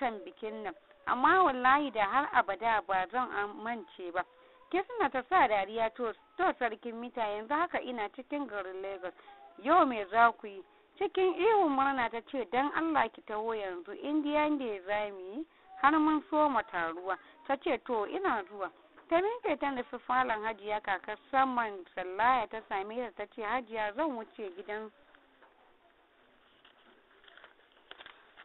kan bikin nan amma wallahi da har abada ba zan mance ba suna ta sa dariya to sarkin mita yanzu haka ina cikin garin lagos yau me za ku yi cikin ihun murna ta ce don allah ki taho yanzu indiya da za mu yi har mun so taruwa ta ce to ina zuwa ta minke ta nufi falon hajiya kakar saman sallaya ta same ta ta ce hajiya zan wuce gidan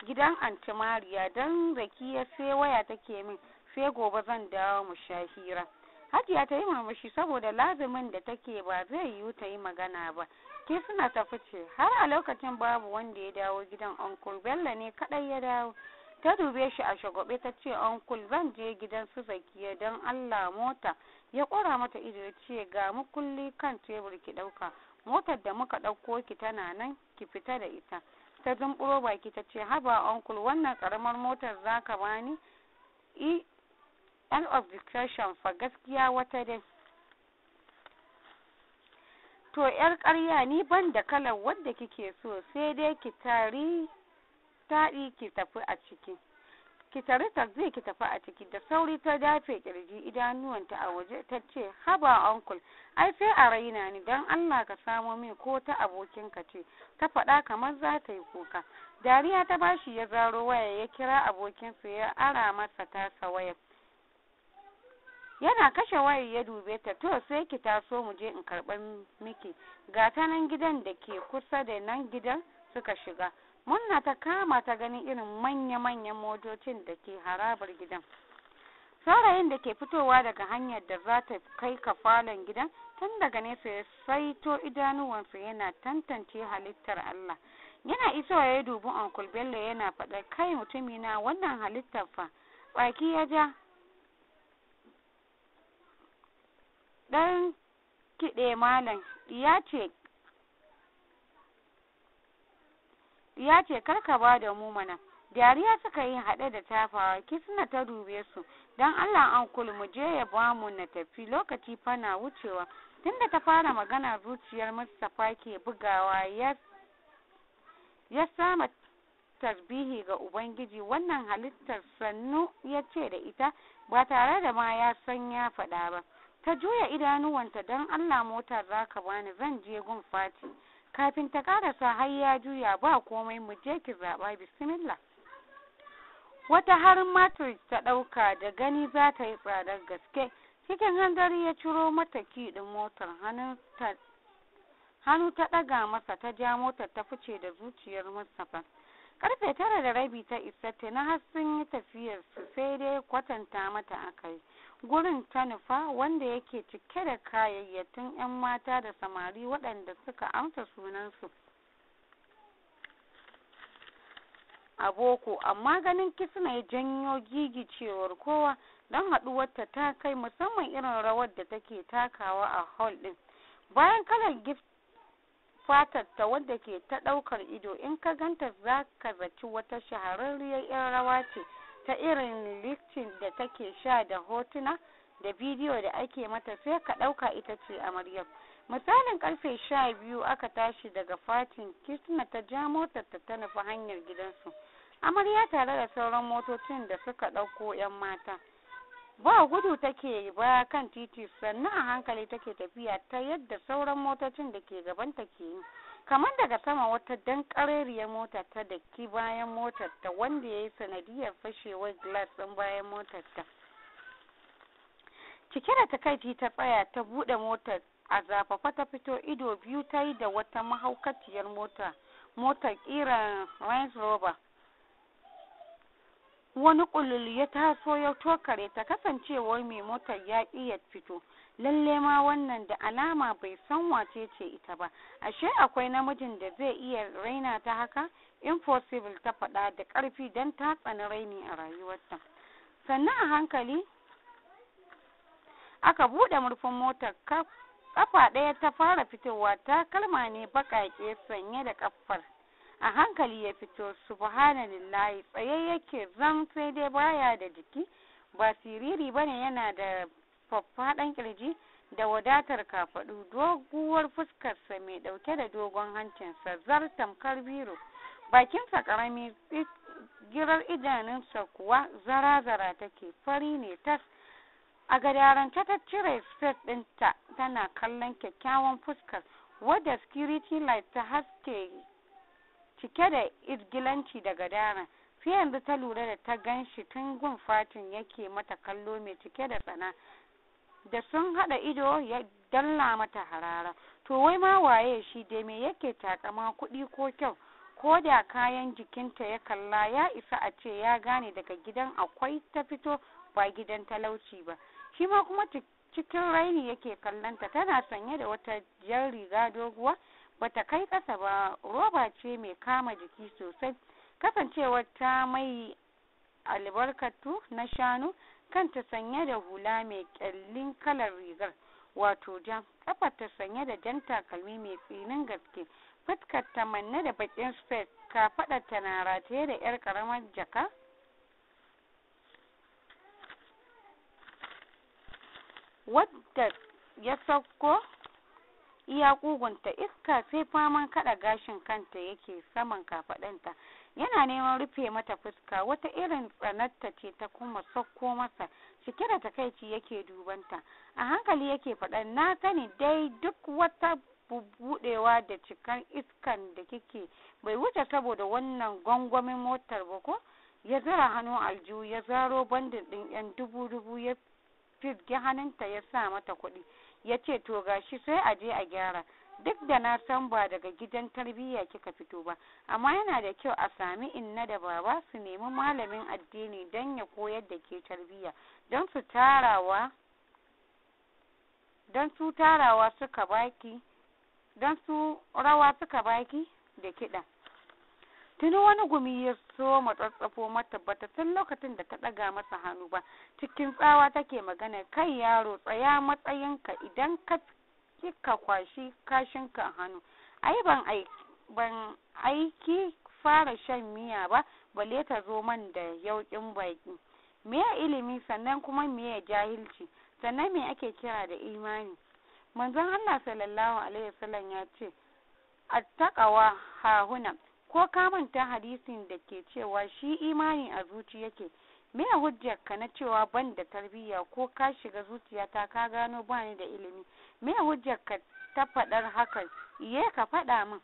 gidan anti mariya don rakiya sai waya take min sai gobe zan dawo mu sha hira hajiya ta yi murmushi saboda lazimin da take ba zai yiwu ta yi magana ba ke suna ta fice har a lokacin babu wanda ya dawo gidan uncle bello ne kadai ya dawo ta dube shi a shagobe ta ce uncle zan je gidan su zakiya don allah mota ya kora mata ido ya ce ga mu kan tebur ki dauka motar da muka dauko ki tana nan ki fita da ita ta zumburo baki ta ce haba uncle wannan karamar motar zaka bani e end of discussion fa gaskiya wata dai to yar ƙarya ni ban da kalar wadda kike so sai dai ki tari taɗi ki tafi a ciki ki tare zai ki tafi a ciki da sauri ta dafe kirji idanuwanta a waje ta ce haba uncle ai sai a raina ni dan allah ka samo min ko ta abokin ka ce ta faɗa kamar za ta yi kuka dariya ta bashi ya zaro waya ya kira abokin su ya ara masa tasa wayar yana kashe wayar ya dube ta to sai ki taso mu je in karban miki ga ta nan gidan da ke kusa da nan gidan suka shiga munna ta kama ta ganin irin manya-manyan motocin da ke harabar gidan saurayin da ke fitowa daga hanyar da za ta kai ka falon gidan tun daga nesa ya saito idanuwansa yana tantance halittar Allah yana isowa ya dubi Uncle Bello yana faɗa kai mutumina wannan halittar fa baki ya ja ɗan kiɗe malam ya ce ya ce karka ba da mu mana dariya suka yi haɗe da tafawa kisna ta dube su don allah an ankul mu je ya ba mu na tafi lokaci fana wucewa tunda ta fara magana zuciyar mustapha ke bugawa ya sama tasbihi ga ubangiji wannan halittar sannu ya ce da ita ba tare da ma ya san ya faɗa ba ta juya idanuwanta don allah motar za ka bani zan je gun fati kafin ta karasa har ya juya ba komai mu je ki zaɓa bismillah wata har matrix ta ɗauka da gani za ta yi tsadar gaske cikin hanzari ya ciro mata kiɗin motar hannu ta ɗaga masa ta ja motar ta fice da zuciyar mustapha karfe tara da rabi ta isa na har sun yi tafiyar su sai dai kwatanta mata akai gurin ta nufa wanda yake cike da kayayyakin 'yan mata da samari waɗanda suka amsa sunansu a boko amma ganin kisna ya janyo gigicewar kowa don haɗuwarta ta kai musamman irin rawar da take takawa a hall ɗin bayan kalar gift fatar wadda ke ta ɗaukar ido in ka ganta za ka zaci wata shahararriyar 'yan rawa ce ta irin liftin da take sha da hotuna da bidiyo da ake mata sai ka ɗauka ita ce amaryar misalin karfe sha aka tashi daga fatin kisna ta ja motarta ta ta nufi hanyar gidansu amarya tare da sauran motocin da suka ɗauko 'yan mata ba gudu take ba kan titi sannan a hankali take tafiya ta yadda sauran motocin da ke gabanta ke yi kamar daga sama wata dankarariyar mota ta daki bayan motar ta wanda ya yi sanadiyar fashewar glass ɗin bayan motar ta cike da takaici ta tsaya ta buɗe motar a zafafa ta fito ido biyu ta yi da wata mahaukaciyar mota motar ƙiran range rover wani ƙululu ya taso ya tokare ta kasancewar mai motar ya iya fito lalle ma wannan da alama bai san wace ce ita ba ashe akwai namijin da zai iya raina ta haka impossible ta faɗa da karfi don ta tsani raini a rayuwarta sannan a hankali aka buɗe murfin motar kafa ɗaya ta fara fitowa ta kalma ne baƙaƙe sanye da kafar a hankali ya fito subhanallahi tsaye yake zan sai dai baya da jiki ba siriri bane yana da faffaɗan kirji da wadatar kafaɗu doguwar fuskarsa mai ɗauke da dogon hancinsa zar tamkar biro bakinsa ƙarami girar idanunsa kuwa zara-zara take fari ne tas a gadaran ta cire spet ɗinta tana kallon kyakkyawan fuskar wadda security light ta haske cike da izgilanci da gadara sai yanzu ta lura da ta gan shi tun gun fatin yake mata kallo mai cike da tsana da sun haɗa ido ya dalla mata harara to wai ma waye shi dai me yake takama kuɗi ko kyau ko da kayan jikinta ya kalla ya isa a ce ya gane daga gidan akwai ta fito ba gidan talauci ba shi ma kuma cikin raini yake kallanta tana sanye da wata jar riga doguwa bata kai ƙasa ba roba ce mai kama jiki sosai kasancewar ta mai albarkatu na shanu kanta sanye da hula mai kyallin kalar rigar wato ja ta sanye da jan takalmi mai tsinin gaske fuskar ta manne da bakin ka fada ta na rataye da yar karamar jaka wadda ya sauko iya kugunta iska sai faman kada gashin kanta yake saman kafadanta yana neman rufe mata fuska wata irin tsanarta ce ta kuma sakko masa cike da takaici yake dubanta a hankali yake faɗan na sani dai duk wata bubudewa da cikan iskan da kike bai wuce saboda wannan gwangwamin motar ba ko ya zara hannu aljihu ya zaro bandin ɗin yan dubu dubu ya firge hannunta ya sa mata kuɗi ya ce to gashi sai a je a gyara duk da na san ba daga gidan tarbiyya kika fito ba amma yana da kyau a sami inna da baba su nemi malamin addini don ya koyar da ke tarbiyya don su tarawa don su tarawa suka baki don su rawa suka baki da kiɗa tuni wani gumi ya so matsatsafo matabbata tun lokacin da ta ɗaga masa hannu ba cikin tsawa take magana kai yaro tsaya matsayinka idan ka kika kwashi kashinka a hannu ai ban ban aiki fara shan miya ba bale ta zo man da yauƙin baki me ilimi sannan kuma me jahilci sannan me ake kira da imani manzon Allah sallallahu alaihi wasallam ya ce attaqawa hahuna ko ka manta hadisin da ke cewa shi imani a zuci yake me hujjar ka na cewa ban da tarbiyya ko ka shiga zuciyata ka gano bani da ilimi me hujjar ka ta faɗar hakan iye ka faɗa min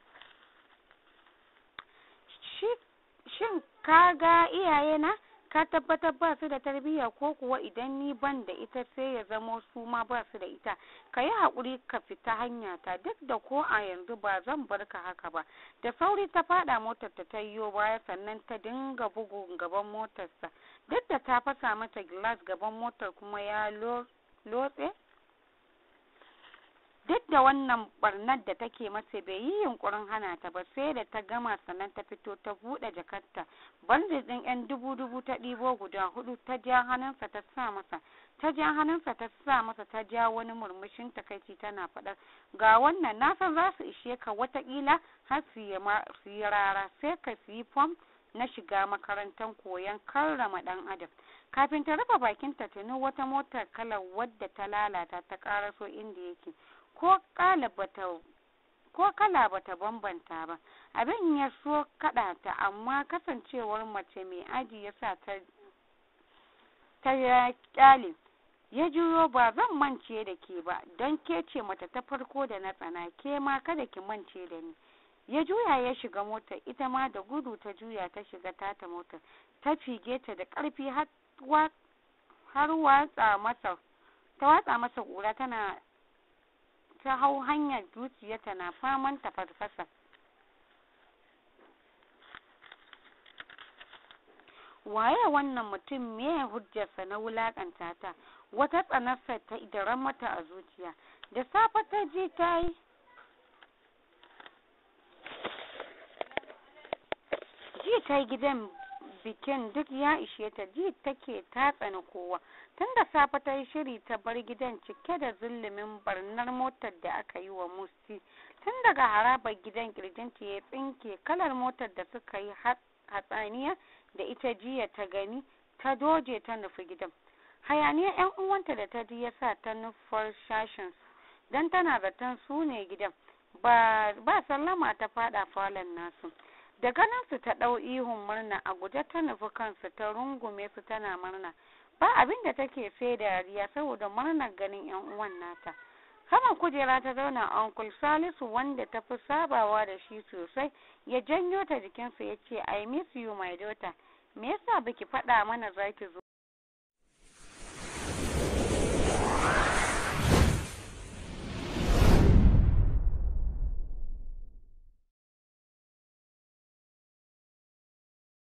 shin ka ga iyayena ka tabbatar ba su da tarbiyya ko kuwa idan ni ban da ita sai ya zamo su ma ba su da ita ka yi haƙuri ka fita hanya ta duk da ko a yanzu ba zan bar ka haka ba da sauri ta faɗa motar ta tayyo baya sannan ta dinga bugun gaban motarsa duk da ta fasa mata gilas gaban motar kuma ya lotse duk da wannan barnar da take masa bai yi yunkurin hana ta ba sai da ta gama sannan ta fito ta bude jakarta banda din yan dubu dubu ta ɗibo guda hudu ta ja hannunsa ta sa masa ta ja hannunsa ta sa masa ta ja wani murmushin takaici tana faɗar ga wannan na san za su ishe ka watakila har su yi rara sai ka su yi fom na shiga makarantar koyon karrama ɗan adam kafin ta rufe bakinta tuni wata motar kalar wadda ta lalata ta karaso inda yake ko kala bata bambanta ba abin ya so kada ta amma kasancewar mace mai aji ya sa ta ya kyale ya juyo ba zan mance da ke ba don ke ce mata ta farko da na tsana ke ma kada ki mance da ni ya juya ya shiga mota ita ma da gudu ta juya ta shiga tata mota ta fige ta da ƙarfi har watsa masa ta watsa masa ƙura tana ta hau hanyar zuciyarta na faman ta waye wannan mutum me hujjarsa na wulakanta ta wata tsanarsa ta idaran mata a zuciya da safe ta je ta yi ji ta yi gidan bikin duk ya ishe ta ji take ta kowa tun da safe ta yi shiri ta bar gidan cike da zulumin barnar motar da aka yi wa musti tun daga harabar gidan kirjinta ya tsinke kalar motar da suka yi hatsaniya da ita jiya ta gani ta doje ta nufi gidan hayaniya yan uwanta da ta ji ya sa ta nufar shashin don tana zaton su ne gidan ba sallama ta fada falon nasu da su ta ɗau ihun murna a guje ta nufi kansu ta rungume su tana murna ba abin da take sai da dariya saboda murnar ganin yan uwan nata kama kujera ta zauna a uncle salisu wanda ta fi sabawa da shi sosai ya janyo ta jikinsa ya ce i miss you my daughter me yasa baki faɗa mana zaki zo